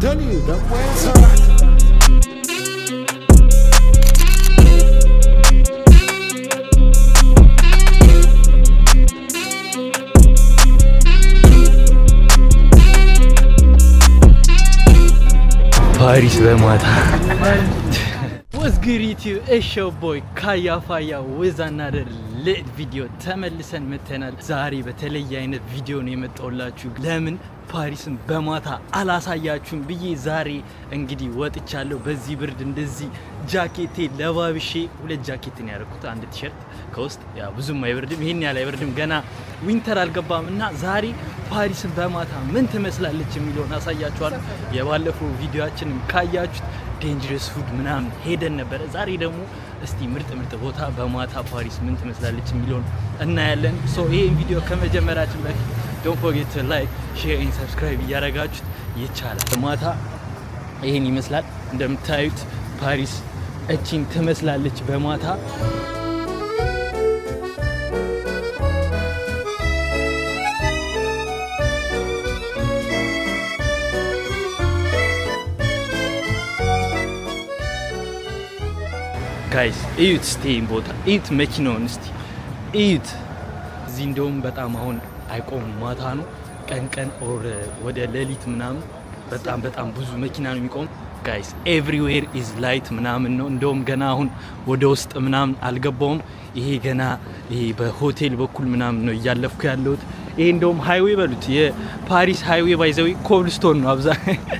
W, the Wizard. Paris ve Mata. What's good YouTube? It's your boy Kaya Fire with another ልዕል ቪዲዮ ተመልሰን መተናል። ዛሬ በተለየ አይነት ቪዲዮ ነው የመጣሁላችሁ። ለምን ፓሪስን በማታ አላሳያችሁም ብዬ ዛሬ እንግዲህ ወጥቻለሁ። በዚህ ብርድ እንደዚህ ጃኬቴ ለባብሼ ሁለት ጃኬትን ያደረኩት አንድ ቲሸርት ከውስጥ ብዙም አይበርድም፣ ይሄን ያህል አይበርድም። ገና ዊንተር አልገባም እና ዛሬ ፓሪስን በማታ ምን ትመስላለች የሚለውን አሳያችኋለሁ። የባለፈው ቪዲዮችንም ካያችሁት ዴንጀረስ ፉድ ምናምን ሄደን ነበረ። ዛሬ ደግሞ እስቲ ምርጥ ምርጥ ቦታ በማታ ፓሪስ ምን ትመስላለች የሚለውን እናያለን። ሶ ይህን ቪዲዮ ከመጀመራችን በፊት ዶን ፎርጌት ላይክ፣ ሼር ሰብስክራይብ እያደረጋችሁት ይቻላል። ማታ ይህን ይመስላል እንደምታዩት ፓሪስ እቺን ትመስላለች በማታ ጋይስ እዩት እስቲ ቦታ እዩት፣ መኪናውን እስቲ እዩት። እዚህ እንደውም በጣም አሁን አይቆምም፣ ማታ ነው። ቀንቀን ቀን ኦር ወደ ሌሊት ምናምን በጣም በጣም ብዙ መኪና ነው የሚቆም ጋይስ። ኤቭሪዌር ኢዝ ላይት ምናምን ነው። እንደውም ገና አሁን ወደ ውስጥ ምናምን አልገባውም። ይሄ ገና ይሄ በሆቴል በኩል ምናምን ነው እያለፍኩ ያለሁት። ይሄ እንደውም ሃይዌ በሉት የፓሪስ ሃይዌ ባይዘዊ ኮብልስቶን ነው አብዛ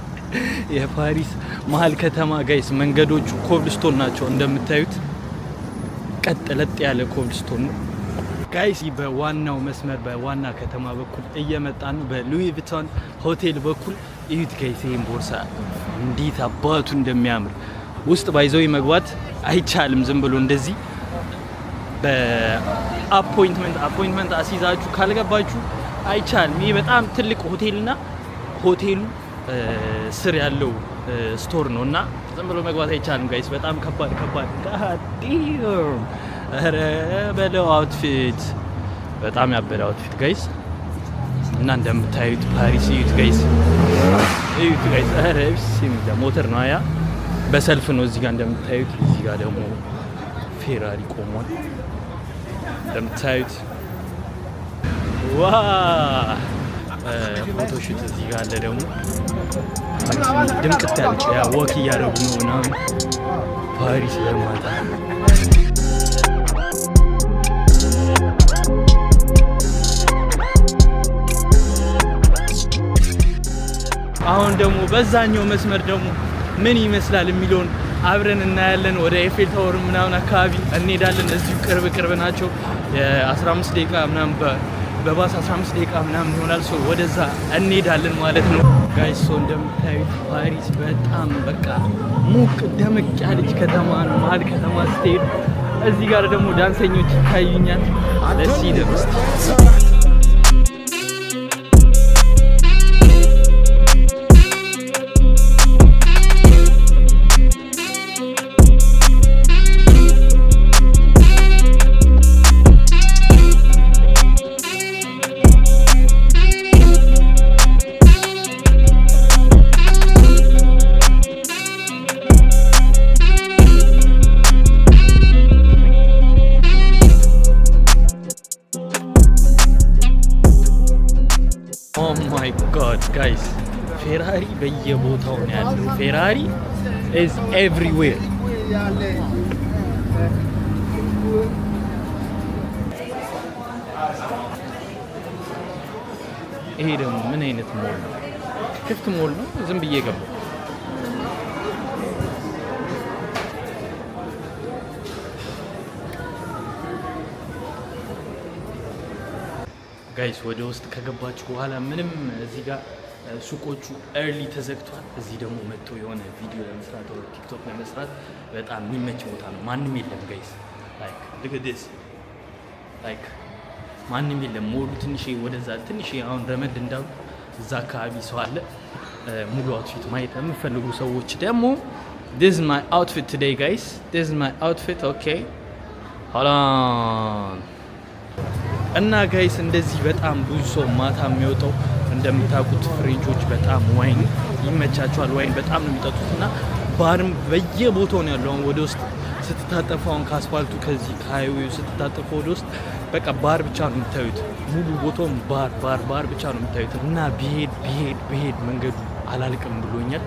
የፓሪስ መሀል ከተማ ጋይስ፣ መንገዶቹ ኮብልስቶን ናቸው እንደምታዩት። ቀጥ ለጥ ያለ ኮብልስቶን ነው ጋይስ። በዋናው መስመር በዋና ከተማ በኩል እየመጣን በሉዊ ቪቶን ሆቴል በኩል እዩት ጋይስ፣ ይህን ቦርሳ እንዴት አባቱ እንደሚያምር ውስጥ ባይዘው መግባት አይቻልም። ዝም ብሎ እንደዚህ በአፖይንትመንት አፖይንትመንት አስይዛችሁ ካልገባችሁ አይቻልም። ይህ በጣም ትልቅ ሆቴልና ሆቴሉ ስር ያለው ስቶር ነው እና ዝም ብሎ መግባት አይቻልም ጋይስ። በጣም ከባድ ከባድ ጋዲም ረ በለው አውትፊት በጣም ያበደ አውትፊት ጋይስ። እና እንደምታዩት ፓሪስ እዩት ጋይስ፣ እዩት ጋይስ። ረ ሲሚላ ሞተር ነው ያ በሰልፍ ነው እዚህ ጋር እንደምታዩት። እዚህ ጋር ደግሞ ፌራሪ ቆሟል እንደምታዩት ዋ ፎቶሹት እዚህ ጋር አለ። ደግሞ ድምቅት ያለች ወክ እያደረጉ ነው ምናምን ፓሪስ ለማታ አሁን ደግሞ በዛኛው መስመር ደግሞ ምን ይመስላል የሚለውን አብረን እናያለን። ወደ ኤፌል ታወር ምናምን አካባቢ እንሄዳለን። እዚሁ ቅርብ ቅርብ ናቸው። የ15 ደቂቃ ምናምን በባስ 15 ደቂቃ ምናምን ይሆናል። ሰው ወደዛ እንሄዳለን ማለት ነው ጋይስ። ሶ እንደምታዩት ፓሪስ በጣም በቃ ሙቅ ደመቅ ያለች ከተማ ነው። መሀል ከተማ ስትሄድ እዚህ ጋር ደግሞ ዳንሰኞች ይታዩኛል። ደስ ይደምስት ፌራሪ በየቦታው ነው ያለው። ፌራሪ ኢዝ ኤቭሪዌር። ይሄ ደግሞ ምን አይነት ሞል ነው? ክፍት ሞል ነው። ዝም ብዬ ገባ። ጋይስ ወደ ውስጥ ከገባችሁ በኋላ ምንም እዚህ ጋር ሱቆቹ ኤርሊ ተዘግቷል። እዚህ ደግሞ መጥቶ የሆነ ቪዲዮ ለመስራት ወይ ቲክቶክ ለመስራት በጣም የሚመች ቦታ ነው። ማንም የለም ጋይስ ላይክ ላይክ ማንም የለም። ሞሉ ትንሽ ወደዛ ትንሽ አሁን ረመድ እንዳሉ እዛ አካባቢ ሰው አለ። ሙሉ አውትፊት ማየት የምፈልጉ ሰዎች ደግሞ ዲስ ማይ አውትፊት ቱዴይ ጋይስ ዲስ ማይ አውትፊት ኦኬ ሆላን እና ጋይስ እንደዚህ በጣም ብዙ ሰው ማታ የሚወጣው እንደምታውቁት ፍሬንቾች በጣም ዋይን ይመቻቸዋል። ዋይን በጣም ነው የሚጠጡት እና ባርም በየቦታው ነው ያለው። አሁን ወደ ውስጥ ስትታጠፉ አሁን ከአስፋልቱ ከዚህ ከሀይዌ ስትታጠፉ ወደ ውስጥ በቃ ባር ብቻ ነው የምታዩት። ሙሉ ቦታውን ባር ባር ባር ብቻ ነው የምታዩት እና ብሄድ ብሄድ ብሄድ መንገዱ አላልቅም ብሎኛል።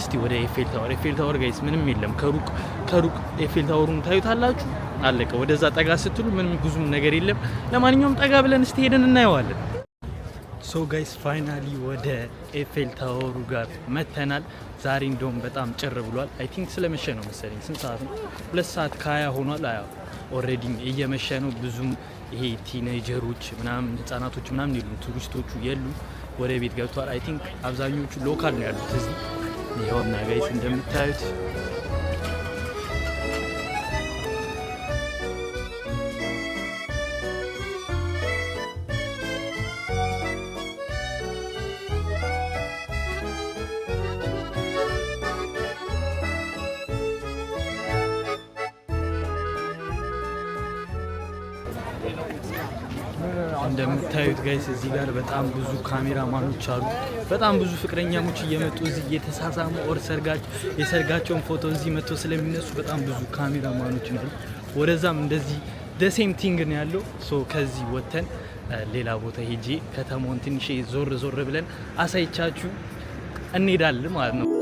እስቲ ወደ ኤፌል ታወር ኤፌል ታወር ጋይስ ምንም የለም። ከሩቅ ከሩቅ ኤፌል ታወሩን ታዩታላችሁ። አለቀ። ወደዛ ጠጋ ስትሉ ምንም ብዙም ነገር የለም። ለማንኛውም ጠጋ ብለን እስቲ ሄደን እናየዋለን። ሶ ጋይስ ፋይናሊ ወደ ኤፌል ታወሩ ጋር መተናል። ዛሬ እንደውም በጣም ጭር ብሏል። አይ ቲንክ ስለመሸ ነው መሰለኝ። ስንት ሰዓት ነው? ሁለት ሰዓት ከሀያ ሆኗል። አያ ኦልሬዲ እየመሸ ነው። ብዙም ይሄ ቲኔጀሮች ምናምን ህጻናቶች ምናምን የሉም። ቱሪስቶቹ የሉ፣ ወደ ቤት ገብተዋል። አይ ቲንክ አብዛኞቹ ሎካል ነው ያሉት እዚህ። ይኸውና ጋይስ እንደምታዩት እንደምታዩት ጋይስ እዚህ ጋር በጣም ብዙ ካሜራማኖች አሉ። በጣም ብዙ ፍቅረኛሞች እየመጡ እዚህ እየተሳሳሙ ኦር የሰርጋቸውን ፎቶ እዚህ መጥቶ ስለሚነሱ በጣም ብዙ ካሜራማኖች ነው። ወደዛም እንደዚህ ደሴም ቲንግ ነው ያለው። ሶ ከዚህ ወጥተን ሌላ ቦታ ሄጄ ከተማውን ትንሽ ዞር ዞር ብለን አሳይቻችሁ እንሄዳለን ማለት ነው።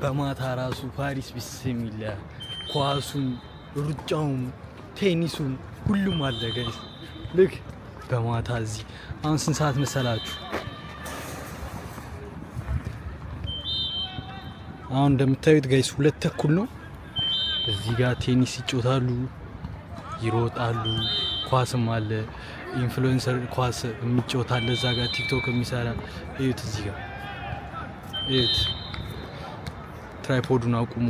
በማታ ራሱ ፓሪስ ቢስ የሚል ኳሱም፣ ሩጫውም፣ ቴኒሱም ሁሉም አለ ጋይስ። ልክ በማታ እዚህ አሁን ስንት ሰዓት መሰላችሁ? አሁን እንደምታዩት ጋይስ ሁለት ተኩል ነው። እዚህ ጋር ቴኒስ ይጮታሉ፣ ይሮጣሉ፣ ኳስም አለ። ኢንፍሉዌንሰር ኳስ የሚጮታል እዛ ጋር ቲክቶክ የሚሰራ እዩት፣ እዚህ ጋር እዩት ትራይፖዱን አቁሙ።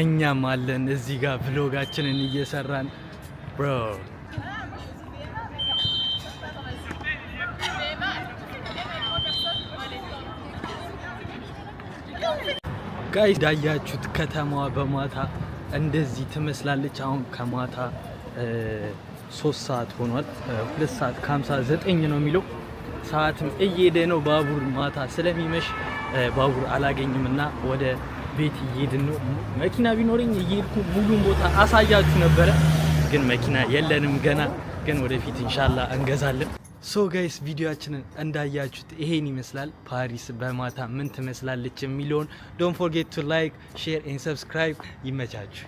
እኛም አለን እዚህ ጋር ብሎጋችንን እየሰራን ብሮ ጋይ ዳያችሁት ከተማዋ በማታ እንደዚህ ትመስላለች። አሁን ከማታ ሶስት ሰዓት ሆኗል። ሁለት ሰዓት ከሀምሳ ዘጠኝ ነው የሚለው ሰዓትም እየሄደ ነው ባቡር ማታ ስለሚመሽ ባቡር አላገኝም እና ወደ ቤት እየሄድን ነው። መኪና ቢኖረኝ እየሄድኩ ሙሉን ቦታ አሳያችሁ ነበረ፣ ግን መኪና የለንም ገና። ግን ወደፊት እንሻላ እንገዛለን። ሶ ጋይስ ቪዲዮችንን እንዳያችሁት ይሄን ይመስላል። ፓሪስ በማታ ምን ትመስላለች የሚለውን ዶንት ፎርጌት ቱ ላይክ ሼር ኤንድ ሰብስክራይብ። ይመቻችሁ።